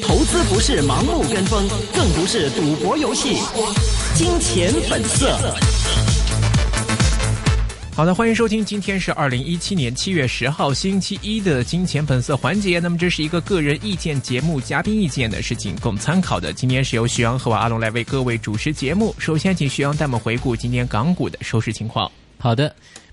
投資不是盲目跟風，更不是賭博遊戲。金錢本色。好的，歡迎收聽，今天是二零一七年七月十號星期一的金錢本色環節。那麼這是一個個人意見節目，嘉賓意見呢是僅供參考的。今天是由徐陽和我阿龍來為各位主持節目。首先，請徐陽帶我們回顧今天港股的收市情況。好的。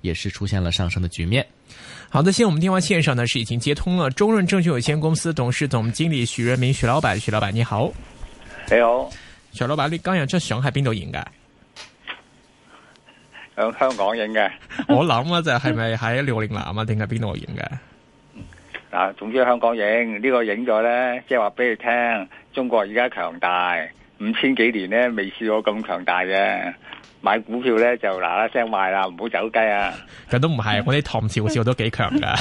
也是出現了上升的局面。好的，現在我們電話線上呢是已經接通了中潤證券有限公司董事總經理徐潤民，徐老闆，徐老闆你好。你好，徐老闆，你今日出相喺邊度影嘅？喺、嗯、香港影嘅。我諗啊就係咪喺遼寧南啊，定係邊度影嘅？嗱，總之香港影呢、呢個影咗咧，即係話俾你聽，中國而家強大，五千幾年咧未試過咁強大嘅。買股票咧就嗱嗱聲賣啦，唔好走雞啊！咁都唔係，我啲唐朝笑都幾強噶。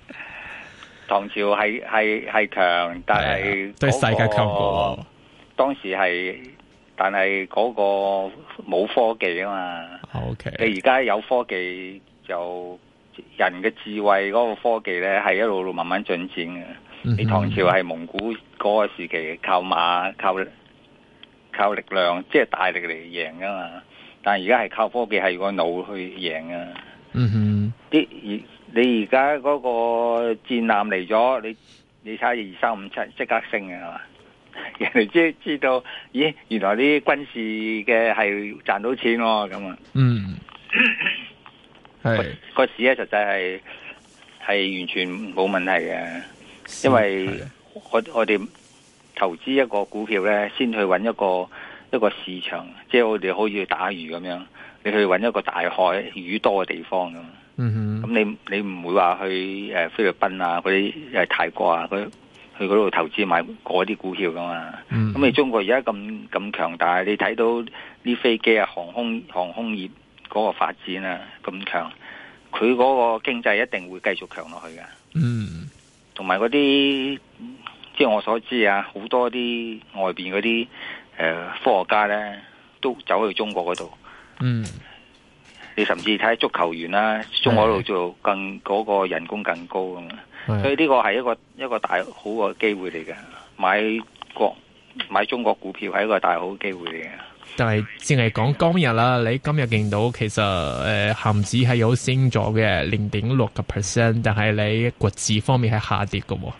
唐朝係係係強，但係、嗰個、對世界強國，當時係，但係嗰個冇科技啊嘛。O K，你而家有科技，就人嘅智慧嗰個科技咧係一路路慢慢進展嘅。Mm-hmm. 你唐朝係蒙古嗰個時期，靠馬靠靠力量，即係大力嚟贏噶嘛。但而家係靠科技，係個腦去贏啊！嗯哼啲而你而家嗰個戰艦嚟咗，你你差二三五七即刻升啊係嘛？人哋知知道，咦？原來啲軍事嘅係賺到錢咯，咁啊，mm-hmm，嗯，係個市咧，實際係係完全冇問題嘅，因為我我哋投資一個股票咧，先去搵一個。一個市場，即係我哋可以去打魚咁樣，你去搵一個大海魚多嘅地方咁。咁、mm -hmm. 你你唔會話去誒、呃、菲律賓啊，嗰啲誒泰國啊，嗰去嗰度投資買嗰啲股票噶嘛。咁、mm -hmm. 你中國而家咁咁強大，你睇到啲飛機啊，航空航空業嗰個發展啊咁強，佢嗰個經濟一定會繼續強落去噶。嗯、mm -hmm.，同埋嗰啲，即係我所知啊，好多啲外邊嗰啲。誒，科學家咧都走去中國嗰度。嗯，你甚至睇足球員啦，中國嗰度做更嗰個人工更高咁、嗯。所以呢個係一個一個大好嘅機會嚟嘅，買國買中國股票係一個大好嘅機會嚟嘅。但係淨係講今日啦，你今日見到其實誒，恒指係有升咗嘅零點六個 percent，但係你國指方面係下跌嘅、哦。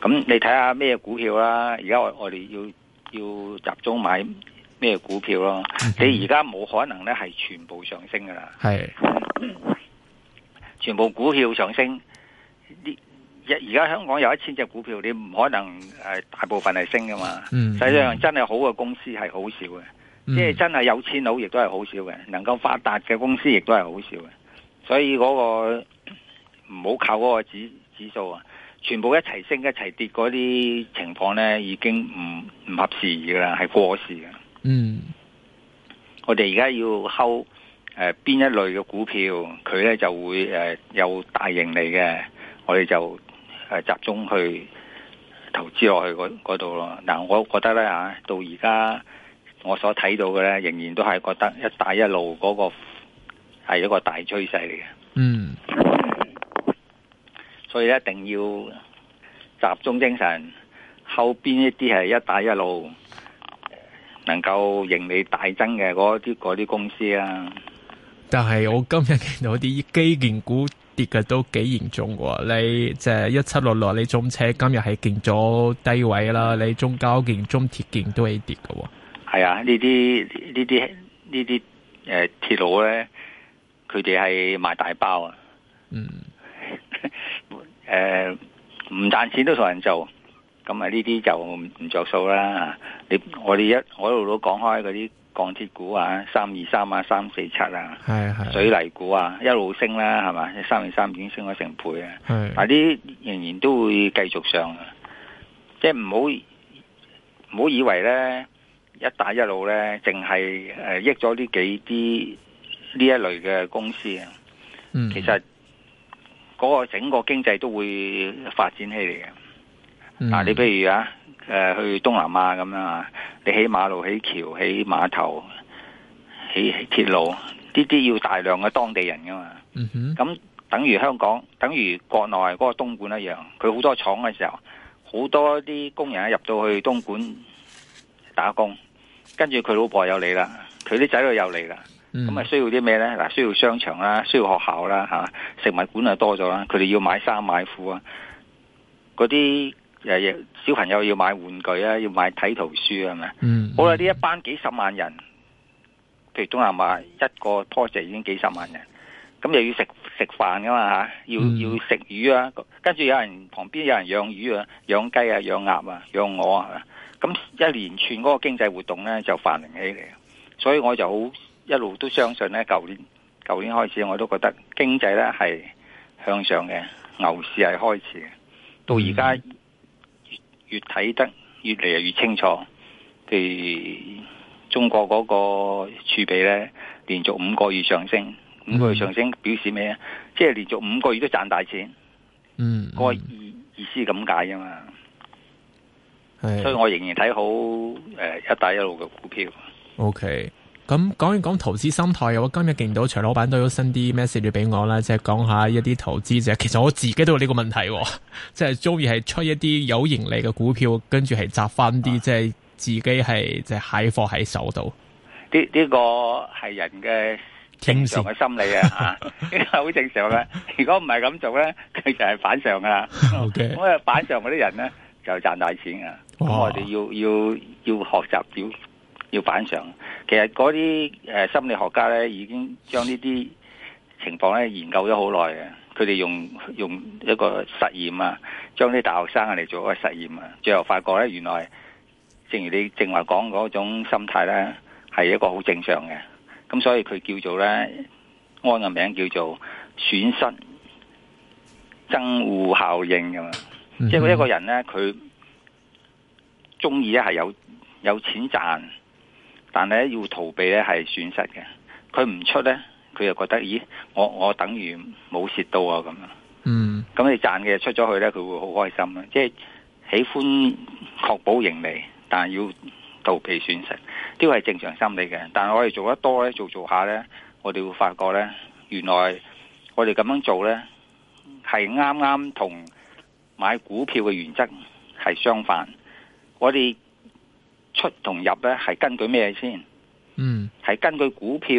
咁、嗯、你睇下咩股票啦、啊？而家我哋要。要集中買咩股票咯？你而家冇可能咧，係全部上升噶啦。係，全部股票上升，啲而家香港有一千隻股票，你唔可能係大部分係升噶嘛。實、嗯、際上真係好嘅公司係好少嘅，即、嗯、係、就是、真係有錢佬亦都係好少嘅，能夠發達嘅公司亦都係好少嘅。所以嗰、嗰個唔好靠嗰個指指數啊。全部一齊升一齊跌嗰啲情況咧，已經唔唔合時宜啦，係過時嘅。嗯，我哋而家要睺誒邊一類嘅股票，佢咧就會誒、呃、有大盈利嘅，我哋就誒、呃、集中去投資落去嗰度咯。嗱、呃，我覺得咧嚇，到而家我所睇到嘅咧，仍然都係覺得一帶一路嗰個係一個大趨勢嚟嘅。嗯。所以一定要集中精神，後邊一啲係一帶一路能夠盈利大增嘅嗰啲嗰啲公司啊。但係我今日見到啲基建股跌嘅都幾嚴重喎，你即係一七六六，你中車今日係勁咗低位啦，你中交建中鐵建都係跌㗎。係啊，這些這些這些呃、鐵路呢啲呢啲呢啲誒鐵路咧，佢哋係賣大包啊，嗯。誒、呃，唔賺錢都同人做，咁啊呢啲就唔着數啦。你我哋一我一路都講開嗰啲鋼鐵股啊，三二三啊，三四七啊，係係水泥股啊，一路升啦，啊，係嘛？三二三已經升咗成倍啊，是是但係啲仍然都會繼續上。即係唔好唔好以為咧，一打一路咧，淨係誒益咗呢幾啲呢一類嘅公司啊。嗯，其實。嗰、那個整個經濟都會發展起嚟嘅，嗱、mm -hmm. 你譬如啊，誒、呃、去東南亞咁樣啊，你起馬路、起橋、起碼頭、起鐵路，呢啲要大量嘅當地人噶嘛，咁、mm -hmm. 等於香港，等於國內嗰個東莞一樣，佢好多廠嘅時候，好多啲工人一入到去東莞打工，跟住佢老婆又嚟啦，佢啲仔女又嚟啦。咁、嗯、咪需要啲咩咧？嗱，需要商場啦，需要學校啦，吓，食物館啊多咗啦。佢哋要買衫買褲啊，啲誒，小朋友要買玩具啊，要買睇圖書啊，係、嗯、咪？嗯。好啦，呢一班幾十萬人，譬如東南亞一個 project 已經幾十萬人，咁又要食食飯噶嘛吓，要、嗯、要食魚啊，跟住有人旁邊有人養魚啊，養雞啊，養鴨啊，養鵝啊，咁一連串個經濟活動咧就繁榮起嚟，所以我就好。一路都相信咧，舊年舊年開始我都覺得經濟咧係向上嘅，牛市係開始嘅。到而家、嗯、越睇得越嚟越清楚，譬如中國嗰個儲備咧連續五個月上升，五個月上升表示咩啊、嗯嗯？即係連續五個月都賺大錢，嗯，嗯那個意意思咁解啊嘛。所以我仍然睇好誒、呃，一帶一路嘅股票。O K。咁講完講投資心態嘅話，今日見到徐老闆都有 send 啲 message 俾我啦，即係講下一啲投資者。其實我自己都有呢個問題，即係中意係出一啲有盈利嘅股票，跟住係集翻啲，即係自己係即係蟹貨喺手度。呢呢、這個係人嘅、 啊、正常嘅心理啊，呢個好正常嘅。如果唔係咁做咧，佢就係反常噶啦。咁啊，反常嗰啲人咧就賺大錢啊。咁我哋要要要學習表。要反常，其實嗰啲誒心理學家咧已經將呢啲情況咧研究咗好耐嘅。佢哋用用一個實驗啊，將啲大學生嚟做一個實驗啊，最後發覺咧原來正如你正話講嗰種心態咧係一個好正常嘅，咁所以佢叫做咧安個名叫做損失憎惡效應噶嘛。嗯、即係佢一個人咧佢中意咧係有有錢賺。但咧要逃避咧係損失嘅，佢唔出咧，佢又覺得，咦，我我等於冇蝕到啊咁樣。嗯，咁你賺嘅出咗去咧，佢會好開心啦，即係喜歡確保盈利，但係要逃避損失，都係正常心理嘅。但係我哋做得多咧，做做下咧，我哋會發覺咧，原來我哋咁樣做咧係啱啱同買股票嘅原則係相反，我哋。出同入咧係根據咩先？嗯，係根據股票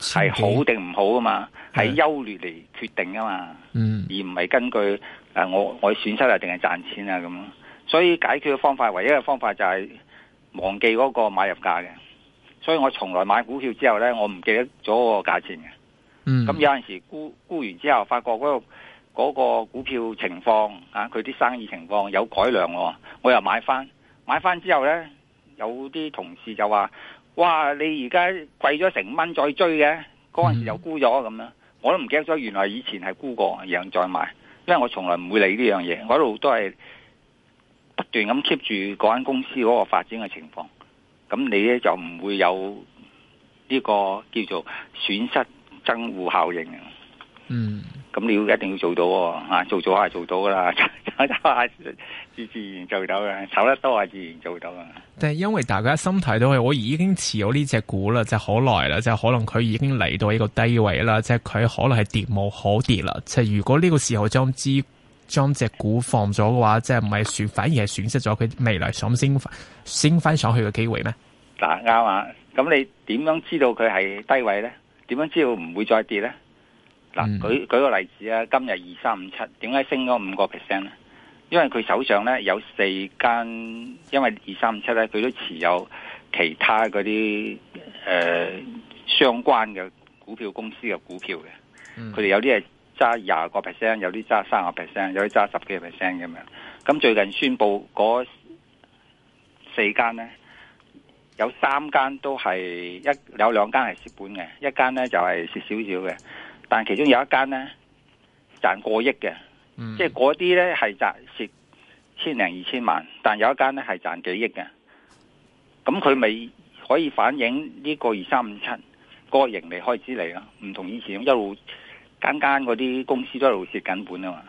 係好定唔好啊嘛，係優劣嚟決定啊嘛。嗯，而唔係根據誒、呃、我我損失啊定係賺錢啊咁。所以解決嘅方法，唯一嘅方法就係忘記嗰個買入價嘅。所以我從來買股票之後咧，我唔記得咗個價錢嘅。嗯，咁有陣時沽沽完之後，發覺嗰、那個、那個股票情況啊，佢啲生意情況有改良喎、哦。我又買翻，買翻之後咧。有啲同事就話：哇！你而家貴咗成蚊再追嘅。嗰陣時又沽咗咁樣，我都唔記得咗。原來以前係沽過，然後再買。因為我從來唔會理呢樣嘢，我一路都係不斷咁 keep 住嗰間公司嗰個發展嘅情況。咁你咧就唔會有呢個叫做損失增戶效應。嗯。咁你要一定要做到、哦，喎、啊，做咗下做到噶啦，炒炒下自自然做到嘅，炒得多啊自然做到啊。但係因為大家心態都係，我已經持有呢隻股啦，就好耐啦，就是、可能佢已經嚟到呢個低位啦，即係佢可能係跌冇可跌啦。即、就、係、是、如果呢個時候將支將隻股放咗嘅話，即係唔係損，反而係損失咗佢未來想升升翻上去嘅機會咩？嗱，啱啊。咁你點樣知道佢係低位咧？點樣知道唔會再跌咧？嗱、嗯，舉舉個例子啊，今日二三五七，點解升咗五個 percent 咧？因為佢手上咧有四間，因為二三五七咧，佢都持有其他嗰啲誒相關嘅股票公司嘅股票嘅。佢哋有啲係揸廿個 percent，有啲揸三十 percent，有啲揸十幾個 percent 咁樣。咁最近宣佈嗰四間咧，有三間都係一有兩間係蝕本嘅，一間咧就係蝕少少嘅。但其中有一間咧賺過億嘅、嗯，即係嗰啲咧係賺蝕千零二千萬，但有一間咧係賺幾億嘅。咁佢咪可以反映呢個二三五七個盈利開始嚟咯？唔同以前一路間間嗰啲公司都一路蝕緊本啊嘛。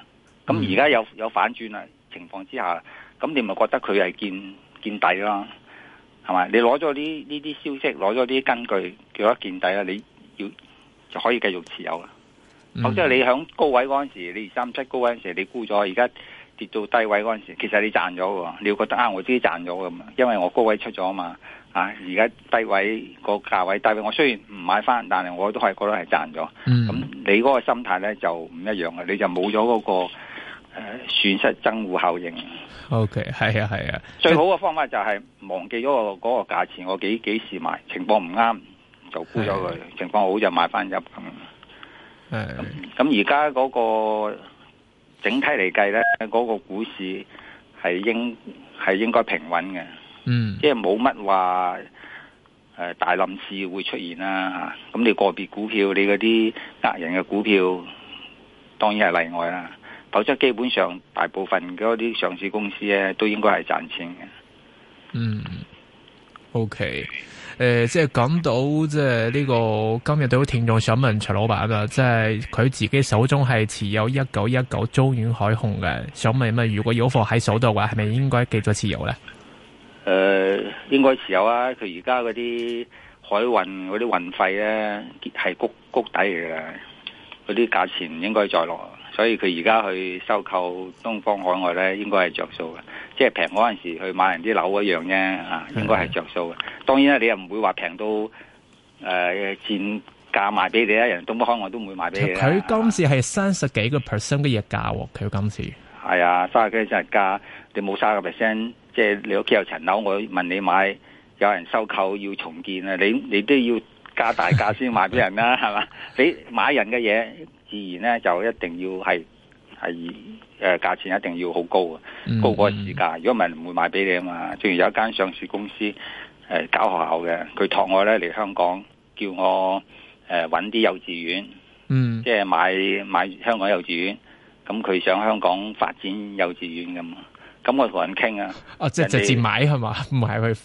咁而家有有反轉喇情況之下，咁你咪覺得佢係見見底咯？係咪？你攞咗呢呢啲消息，攞咗啲根據，叫咗見底啊？你要？就可以繼續持有啦。即、嗯、係你喺高位嗰陣時候，你二三七高嗰陣時候你了，你沽咗，而家跌到低位嗰陣時候，其實你賺咗喎。你要覺得啱、哎，我自己賺咗咁嘛，因為我高位出咗啊嘛。啊，而家低位個價位低位，我雖然唔買翻，但係我都係覺得係賺咗。咁、嗯、你嗰個心態咧就唔一樣嘅。你就冇咗嗰個誒、呃、損失增護效應。OK，係啊係啊，最好嘅方法就係忘記咗個嗰個價錢，我幾幾時買，情況唔啱。就沽咗佢，情況好就買翻入咁。咁而家嗰個整體嚟計呢，嗰、嗰個股市係應係應該平穩嘅。嗯，即係冇乜話大冧市會出現啦、啊、吓。咁你個別股票，你嗰啲呃人嘅股票，當然係例外啦。否則基本上大部分嗰啲上市公司呢，都應該係賺錢嘅、嗯。嗯，OK。誒、呃，即係講到即係呢、這個今日都好。聽眾想問徐老闆噶，即係佢自己手中係持有一九一九中遠海控嘅，想問乜，如果有貨喺手度嘅話，係咪應該繼續持有咧？誒、呃，應該持有啊！佢而家嗰啲海運嗰啲運費咧，係谷谷底嚟嘅。嗰啲價錢應該再落。所以佢而家去收購東方海外咧，應該係着數嘅，即係平嗰陣時去買人啲樓一樣啫。啊，應該係着數嘅。當然啦，你又唔會話平到誒賤、呃、價賣俾你一人東方海外都唔會賣俾你。佢今次係三十幾個 percent 嘅價喎。佢今次係啊，三十幾個 percent 價。你冇三十個 percent，即係你屋企有層樓，我問你買，有人收購要重建啊，你你都要加大價先賣俾人啦，係 嘛？你買人嘅嘢。自然咧就一定要係係誒價錢一定要好高啊，嗯，高過市價，如果唔係唔會買俾你啊嘛。正如有一間上市公司誒，呃、搞學校嘅，佢託我咧嚟香港叫我誒揾啲幼稚園，嗯，即係買買香港幼稚園，咁佢想香港發展幼稚園咁，咁我同人傾啊，哦、啊，即係 直接買係嘛，買去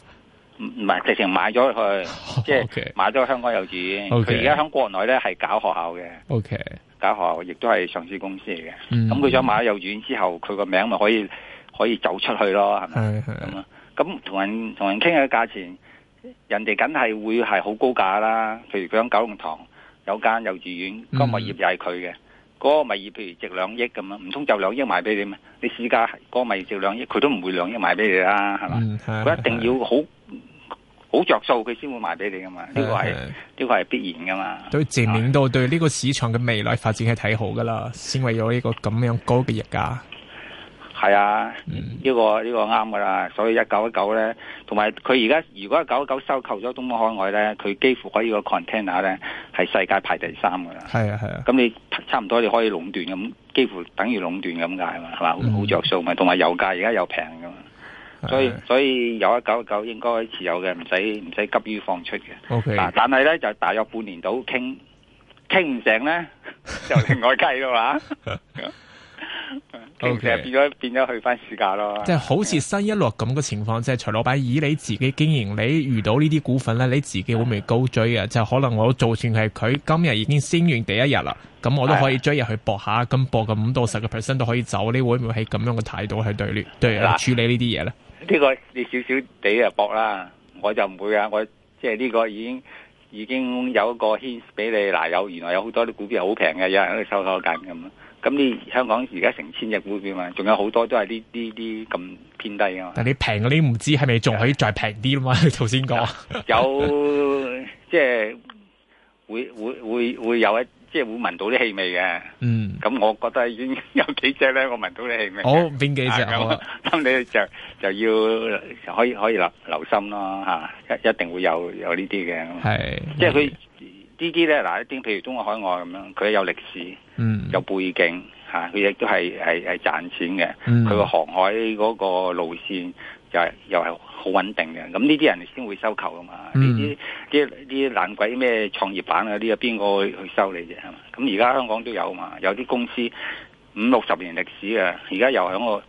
唔唔係直情買咗去，okay. 即係買咗香港幼稚園，佢而家喺國內咧係搞學校嘅，OK。搞學校亦都係上市公司嚟嘅，咁、嗯、佢想買幼稚園之後，佢個名咪可以可以走出去咯，係嘛？咁啊，咁同人同人傾下價錢，人哋梗係會係好高價啦。譬如佢響九龍塘有間幼稚園，個物業又係佢嘅，嗰、嗯個物業譬如值兩億咁樣，唔通就兩億賣俾你咩？你市價、個物業值兩億，佢都唔會兩億賣俾你啦，係嘛？佢、嗯、一定要好。好着數，佢先會賣俾你噶嘛？呢個係呢個係必然噶嘛？都證明到對呢個市場嘅未來發展係睇好噶啦，先為咗呢個咁樣高嘅溢價。係啊，呢、嗯這個呢、這個啱噶啦。所以一九一九咧，同埋佢而家如果一九一九收購咗東方海外咧，佢幾乎可以個 container 咧係世界排第三噶啦。係啊係啊，咁你差唔多你可以壟斷咁，幾乎等於壟斷咁解嘛？係嘛？好着數咪？同埋油價而家又平噶嘛？ 所以所以有一九一九應該持有嘅，唔使唔使急於放出嘅。Okay。但係咧就大約半年到傾，傾唔成咧就另外計㗎嘛。 其實變咗，okay. 變咗去翻市價咯，即，就，係，是，好似新一落咁嘅情況，即，就，係，是，徐老闆以你自己經營，你遇到呢啲股份咧，你自己會唔會高追啊？就是，可能我做算係佢今日已經先完第一日啦，咁我都可以追入去搏下，咁搏個五到十個 percent 都可以走，你會唔會係咁樣嘅態度去對呢？對啦，處理呢啲嘢咧？呢，這個你少少地啊搏啦，我就唔會啊，我即係呢個已經已經有一個牽俾你嗱，啊，有原來有好多啲股票好平嘅，有人喺度收購緊咁。咁、嗯、你香港而家成千隻股票嘛，仲有好多都係呢呢啲咁偏低㗎嘛。但你平嗰啲唔知係咪仲可以再平啲啊？嘛，你頭先講有即係會會會會有一即係、即係、會聞到啲氣味嘅。嗯，咁我覺得已經有幾隻咧，我聞到啲氣味、哦。好，邊幾隻？咁你就就要，就要可以可以留留心咯，吓一一定會有有呢啲嘅。係，即係佢。嗯呢啲咧，嗱，呢啲譬如中國海外咁樣，佢有歷史，嗯、有背景嚇，佢、啊、亦都係係係賺錢嘅。佢、嗯、個航海嗰個路線、就係、又係又係好穩定嘅。咁呢啲人先會收購噶嘛？呢啲啲啲爛鬼咩創業板啊？啲，個邊個去收你啫？係嘛？咁而家香港都有嘛？有啲公司五六十年歷史嘅，而家又喺個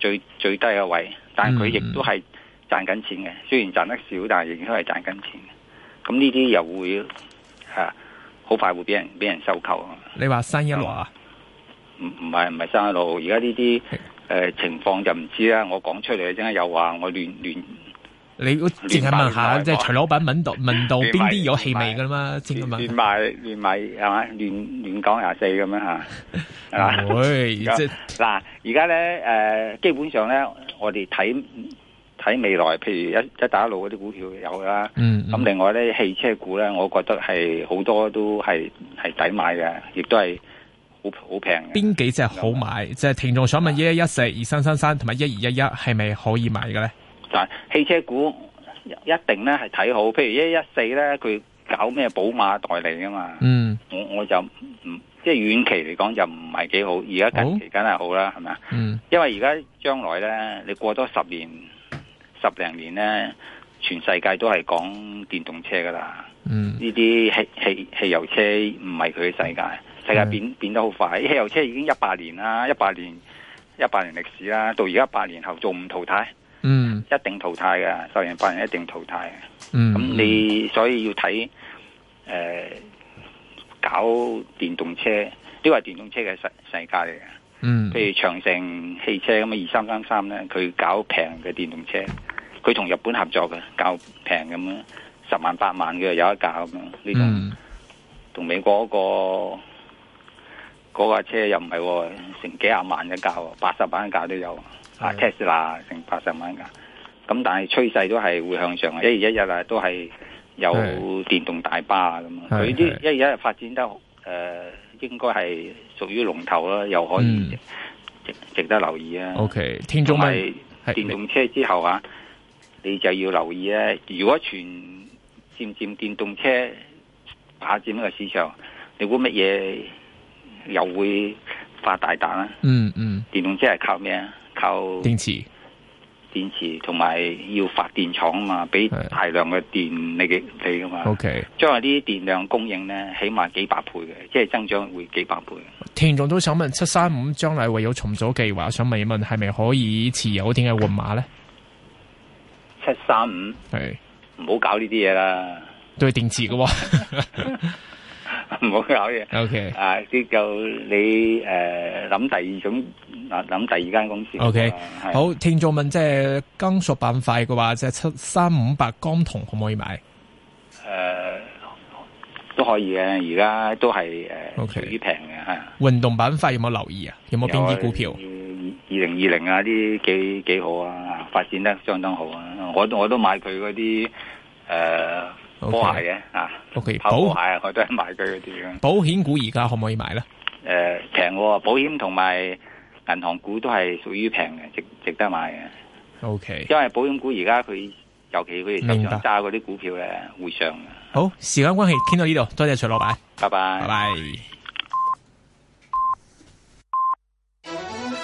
最最低嘅位，但係佢亦都係賺緊錢嘅、嗯。雖然賺得少，但係仍然係賺緊錢。咁呢啲又會。啊，好快會俾人俾人收購啊！你話新一路啊？唔唔係唔係新一路，而家呢啲誒情況就唔知啦。我講出嚟真係又話我亂亂，你淨係問一下即係、就是、徐老闆問到問到邊啲有氣味噶啦嘛？亂賣亂賣係嘛？亂亂講廿四咁樣吓係嘛？喂、 哎，嗱、 哎，而家咧誒，基本上咧，我哋睇。喺未來，譬如一帶一路嗰啲股票有啦，咁、嗯嗯、另外咧汽車股咧，我覺得係好多都係係抵買嘅，亦都係好好平。邊幾隻好買？即係聽眾想問：一一一四、二三三三同埋一二一一，係咪可以買嘅咧？但係汽車股一定咧係睇好，譬如一一一四咧，佢搞咩寶馬代理啊嘛。嗯，我我就唔即係遠期嚟講就唔係幾好，而家近期梗係好啦，係咪啊？嗯，因為而家將來咧，你過多十年。十零年咧，全世界都係講電動車噶啦，呢啲汽汽汽油車唔係佢嘅世界，世界變變得好快。汽油車已經一百年啦，一百年一百年歷史啦，到而家一百年後仲唔淘汰？嗯，一定淘汰嘅，十零八年一定淘汰嘅。咁、嗯、你所以要睇誒、呃，搞電動車呢個係電動車嘅世世界嚟嘅。嗯，譬如長城汽車咁啊，二三三三咧，佢搞平嘅電動車。佢同日本合作嘅，較平咁咯，十萬八萬嘅有一架咁樣。呢種同美國嗰、那個嗰架、那個、車又唔係成幾廿萬一架，八十萬一架都有、嗯、啊。Tesla 成八十萬一架，咁、嗯、但係趨勢都係會向上。一帶一路啊，都係有電動大巴啊咁啊。佢啲一帶一路發展得誒、呃，應該係屬於龍頭啦，又可以、嗯、值值得留意啊。O、okay, K. 天中係電動車之後啊。你就要留意咧，如果全漸漸電動車打佔呢個市場，你估乜嘢又會發大彈啊？嗯嗯，電動車係靠咩啊？靠電池，電池同埋要發電廠啊嘛，俾大量嘅電你嘅你啊嘛。O K，將來啲電量供應咧，起碼幾百倍嘅，即係增長會幾百倍的。聽眾都想問七三五將來會有重組計劃，想問一問係咪可以持有點解換馬咧？七三五係唔好搞呢啲嘢啦，都係電池嘅，唔好搞嘢。O K，啊，即就你誒諗第二種，諗第二間公司。O K，好，聽眾問即係金屬板塊嘅話，即係七三五八鋼銅可唔可以買？誒，都可以嘅，而家都係誒，幾平嘅。運動板塊有冇留意啊？有冇邊啲股票？二零二零啊，呢幾幾好啊，發展得相當好啊。我我都買佢嗰啲誒波鞋嘅啊，OK，跑鞋啊，我都係買佢嗰啲。保險股而家可唔可以買咧？誒、呃，平、哦、保險同埋銀行股都係屬於平嘅，值值得買嘅。OK，因為保險股而家佢尤其佢哋身上揸嗰啲股票咧會上。好，時間關係傾到呢度，多謝徐老闆，拜拜，拜拜。